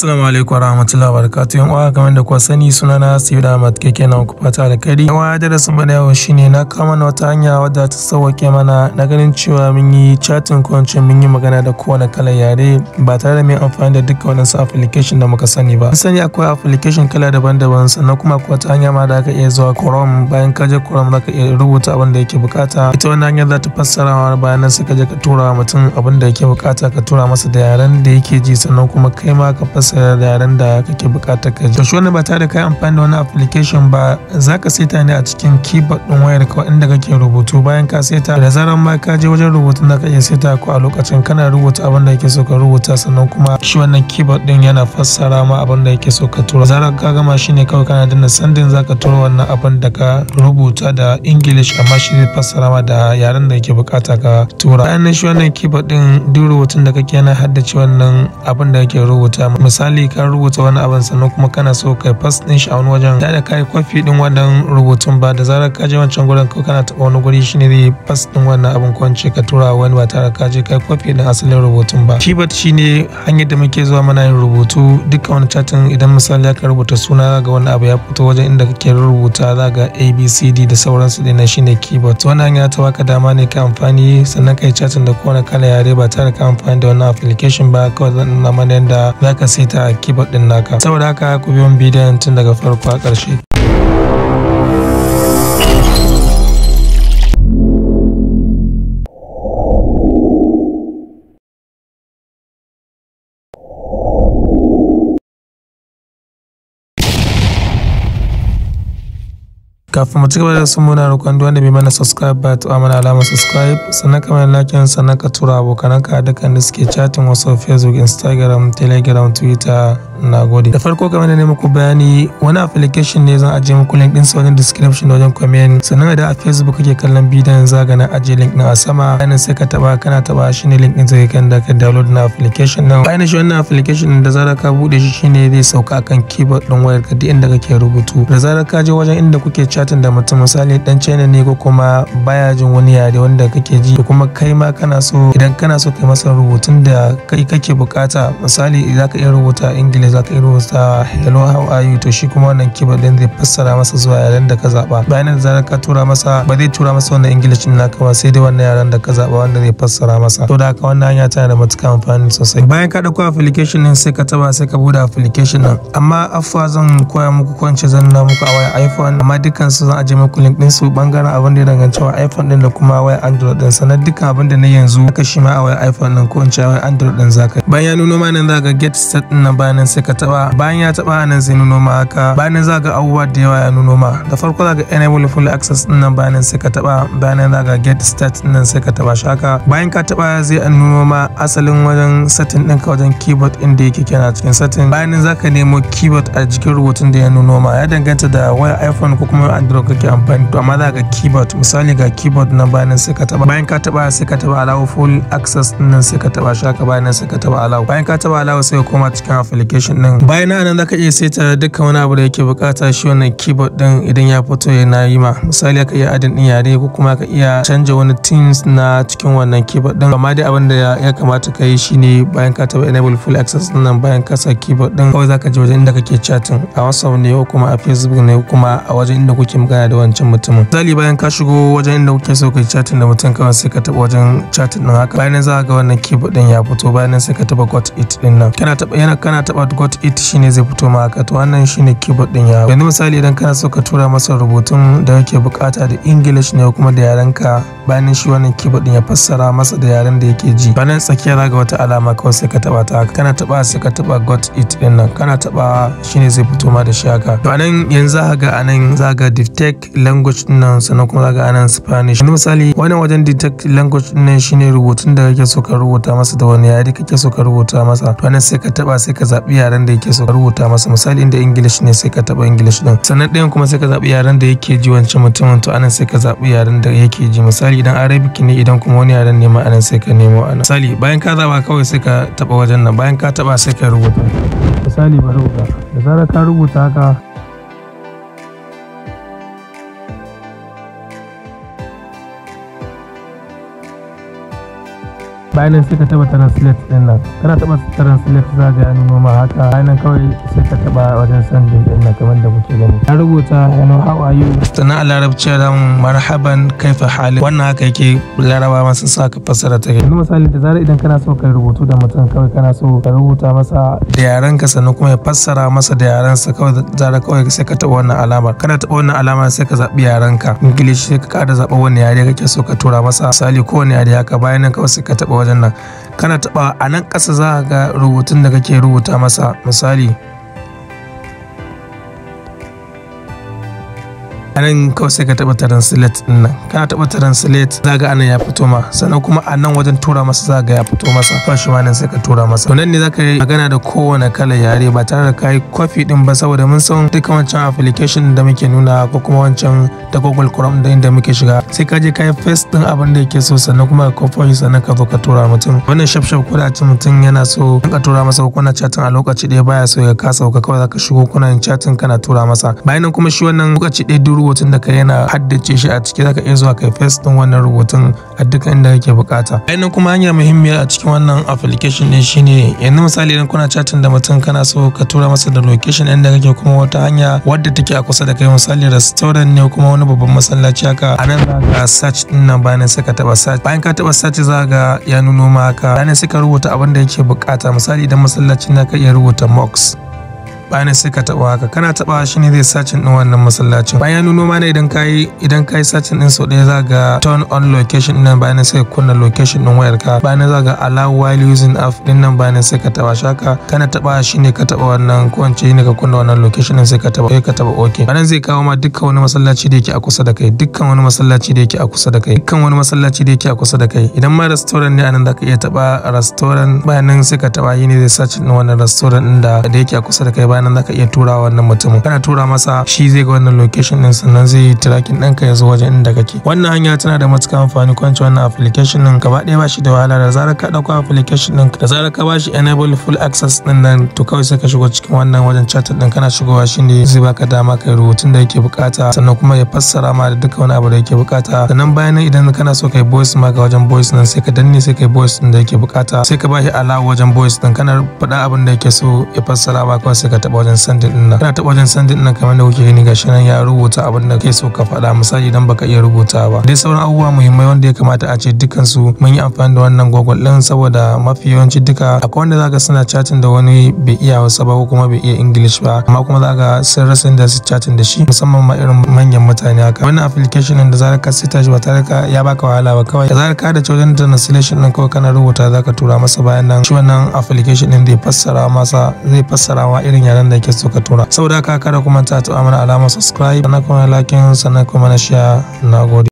Assalamu alaikum warahmatullahi wabarakatuh. Yan uwa kamar da kuwa sani sunana Sayyid Ahmad keke na ku fata kari. Yan uwa darasin mu na yau shine na kama na wata hanya wadda ta sauke mana na ganin cewa mun yi chatting ko mun yi magana da kowane kala yare ba tare da mai amfani da dukkan wannan application da muka sani ba. sani akwai application kala daban-daban sannan kuma akwai wata hanya ma da aka iya zuwa Chrome bayan ka je Chrome zaka iya rubuta abin da yake bukata. Ita wannan hanyar za ta fassara wa bayan sai ka je ka tura mutum abin da yake bukata ka tura masa da yaren da yake ji sannan kuma kai ma ka fassara sa eh, yaren da kake bukata ka to shi ba tare kai amfani da wani application ba za ka saita ne a cikin keyboard din wayar ka inda kake rubutu bayan ka saita da zaran ma ka je wajen rubutun da ka iya saita ko a lokacin kana rubuta abin da kake so ka rubuta sannan kuma shi wannan keyboard din yana fassara ma abin da kake so ka tura zaran ka gama shi ne kawai kana danna sandin za ka tura wannan abin da ka rubuta da english amma shi zai fassara ma da yaren da yake bukata ka tura bayan shi wannan keyboard din duk rubutun da kake yana haddace wannan abin da kake rubuta misali misali ka rubuta wani abin sannan kuma kana so kai fas din shi a wani wajen da da kai kwafi din wannan rubutun ba da zarar ka je wancan gurin ko kana taɓa wani guri shine zai fas din wannan abin ko ka tura wani ba tare ka je kai kwafi din asalin rubutun ba keyboard shine hanyar da muke zuwa muna yin rubutu dukkan wani chatin idan misali ka rubuta suna ga wani abu ya fito wajen inda kake rubuta za ga d da sauransu dinnan shine keyboard wannan hanya ta baka dama ne ka amfani sannan kai chatin da kowane kala yare ba tare ka amfani da wannan application ba kawai zan nuna mana yadda zaka sai ta a din naka saboda haka ku biyo bidiyon tun daga farko a ƙarshe kafin mu ci da su muna roƙon duk wanda bai mana subscribe ba to mana alamar subscribe sannan kamar lakin sannan ka tura abokananka dukkan da suke chatting wasu facebook instagram telegram twitter na gode da farko kamar da ne muku bayani wani application ne zan ajiye muku link din wajen description da wajen comment sannan da a facebook kake kallon bidiyon zaga na ajiye link na a sama bayanin sai ka taba kana taba ne link din zai kan da ka download na application nan bayan shi wannan application da zarar ka bude shi ne zai sauka akan keyboard din wayar ka duk inda kake rubutu da zarar ka je wajen inda kuke chatting da mutum misali dan china ne ko kuma baya jin wani yare wanda kake ji ko kuma kai ma kana so idan kana so kai masa rubutun da kai kake bukata misali za ka iya rubuta english za ta iya rubuta hello how are you to shi kuma wannan keyboard din zai fassara masa zuwa yaren da ka zaba bayan da zarar ka tura masa ba zai tura masa wannan english din naka ba sai dai wannan yaren da ka zaba wanda zai fassara masa to da haka wannan hanya tana da matuƙar amfani sosai bayan ka dauko application din sai ka taba sai ka bude application din amma afwa zan koya muku ko zan na muku a wayar iphone amma dukkan su zan aje muku link din su bangaren abin da ya danganci wa iphone din da kuma waya android din sannan dukkan abin da na yanzu ka shi ma a wayar iphone din ko in ce a wayar android din zaka bayan ya nuno ma nan zaka get set din nan bayan sai ce ka taba bayan ya taba nan sai nuno ma haka bayan nan za ga abubuwa da yawa ya nuno ma da farko za ga enable full access din nan bayan nan sai ka taba bayan nan za ga get start din nan sai ka taba shaka bayan ka taba zai nuno ma asalin wajen setting din ka wajen keyboard din da yake kana cikin setting bayan nan za ka nemo keyboard a jikin rubutun da ya nuno ma ya danganta da wayar iphone ko kuma android kake amfani to amma za ga keyboard misali ga keyboard na bayan nan sai ka taba bayan ka taba sai ka taba allow full access din nan sai ka taba shaka bayan nan sai ka taba allow bayan ka taba allow sai ka koma cikin application application nan bayan na nan zaka iya saita dukkan wani abu da yake bukata shi wannan keyboard din idan ya fito yana yi ma misali ka iya adin din yare ko kuma ka iya canja wani things na cikin wannan keyboard din amma dai abin da ya kamata ka yi shine bayan ka taba enable full access din nan bayan ka sa keyboard din kawai zaka je wajen inda kake chatting a WhatsApp ne ko kuma a Facebook ne ko kuma a wajen inda kuke magana da wancan mutumin misali bayan ka shigo wajen inda kuke so kai chatting da mutum kawai sai ka taba wajen chatting din haka bayan za ka ga wannan keyboard din ya fito bayan sai ka taba got it din nan kana taba yana kana taba got it shine zai fito maka to wannan shine keyboard din yawo yanzu misali idan kana so ka tura masa rubutun da kake bukata da english ne kuma da yarenka bayan shi wannan keyboard din ya fassara masa da yaren da yake ji bayan tsakiyar zaga wata alama kawai sai ka taba ta kana taba sai ka taba got it din nan kana taba shine zai fito ma da shi haka to anan yanzu za ga anan za ga detect e language din nan sannan kuma za ga anan spanish yanzu misali wannan wajen detect e language din nan shine rubutun da kake so ka rubuta masa da wani yare kake so ka rubuta masa to anan sai ka taba sai ka zabi yaren da yake so ka rubuta masa misali inda english ne sai ka taba english din sannan ɗayan kuma sai ka zaɓi yaren da yake ji wancan mutumin to anan sai ka zaɓi yaren da yake ji misali idan arabic ne idan kuma wani yaren ne ma anan sai ka nemo anan misali bayan ka zaɓa kawai sai ka taba wajen nan bayan ka taba sai ka rubuta misali ba rubuta da zarar ka rubuta haka bayan nan sai ka taba translate din nan kana taba translate za ga nuno ma haka bayan nan kawai sai ka taba wajen sandin din nan kamar da kuke gani ta rubuta hello how are you sana a larabci ran marhaban kaifa halin wannan haka yake laraba masa sa ka fassara ta yanzu misali da zarar idan kana so ka rubutu da mutum kawai kana so ka rubuta masa da yaren ka sannan kuma ya fassara masa da yaren sa kawai zara kawai sai ka taba wannan alamar kana taba wannan alamar sai ka zabi yaren ka english sai ka kada zaba wani yare kake so ka tura masa misali kowane yare haka bayan nan kawai sai ka taba wajen wajen nan kana taɓa a nan ƙasa za ga rubutun da kake rubuta masa misali a nan kawai sai ka taɓa translate din nan kana taba translate zaga anan ya fito ma sannan kuma a nan wajen tura masa zaga ya fito masa kawai shi ma nan sai ka tura masa to nan ne zaka yi magana da kowane kalar yare ba tare da ka yi din ba saboda mun san duka wancan application da muke nuna ko kuma wancan da google chrome da inda muke shiga sai ka je ka yi face din abin da yake so sannan kuma ka copy sannan ka zo ka tura mutum wannan shaf shaf ko da mutum yana so ka tura masa ko kuna chatting a lokaci ɗaya baya so ya kasa ka kawai zaka ka shigo kuna chatting kana tura masa bayan nan kuma shi wannan lokaci ɗaya duru rubutun da ka yana haddace shi a ciki zaka iya zuwa kai paste din wannan rubutun a duk inda kake bukata ainihin kuma hanyar muhimmiyar a cikin wannan application din shine yanzu misali idan kuna chatting da mutum kana so ka tura masa da location inda kake kuma wata hanya wadda take a kusa da kai misali restaurant ne kuma wani babban masallaci haka a nan za ka search din nan bayan sai ka taba search bayan ka taba search za ga ya nuno maka bayan sai ka rubuta abin da yake bukata misali idan masallacin na ka iya rubuta mosque bayanin sai ka taba haka kana taba shi ne zai sacin din wannan masallacin bayan nuno ma ne idan kai idan kai sacin din sau ɗaya za ga turn on location din nan bayanin sai kunna location din wayar ka bayanin za ga allow while using app din nan bayanin sai ka taba haka kana taba shi ne ka taba wannan ko wance ne ka kunna wannan location din sai ka taba sai ka taba okay bayanin zai kawo ma dukkan wani masallaci da yake a kusa da kai dukkan wani masallaci da yake a kusa da kai dukkan wani masallaci da yake a kusa da kai idan ma restaurant ne anan ka iya taba restaurant bayanin sai ka taba yi ne zai sacin din wannan restaurant din da yake a kusa da kai ga nan zaka iya tura wannan mutumin kana tura masa shi zai ga wannan location din sannan zai yi tracking ɗinka ya zo wajen inda kake wannan hanya tana da matuƙar amfani kwanci wannan application din gaba ɗaya ba da wahala da zarar ka ɗauko application din da zarar ka bashi enable full access din nan to kawai sai ka shigo cikin wannan wajen chat din kana shigowa shi ne. zai baka dama kai rubutun da yake bukata sannan kuma ya fassara ma da duka wani abu da yake bukata sannan bayan nan idan kana so kai voice ma ga wajen voice nan sai ka danne sai kai voice din da yake bukata sai ka bashi alawa wajen voice din kana faɗa abin da yake so ya fassara ba kawai sai ka taba wajen sandin din nan kana taba wajen sandin din nan kamar da kuke gani gashi nan ya rubuta abin da kai so ka faɗa misali idan baka iya rubuta ba dai sauran abubuwa muhimmai wanda ya kamata a ce dukkan su mun yi amfani da wannan google din saboda mafi yawanci duka akwai wanda zaka suna chatin da wani bai iya wasa ba ko kuma bai iya English ba amma kuma zaka sun rasa da su chatin da shi musamman ma irin manyan mutane haka wannan application din da zaka ka sita shi ba tare ka ya baka wahala ba kawai da zaka ka da wajen translation din kawai kana rubuta zaka tura masa bayan nan shi wannan application din zai fassara masa zai fassara wa irin yaren bayanan da ke suka tura saboda haka kada kuma ta taɓa mana alamar subscribe sannan kuma lakin sannan kuma na share na gode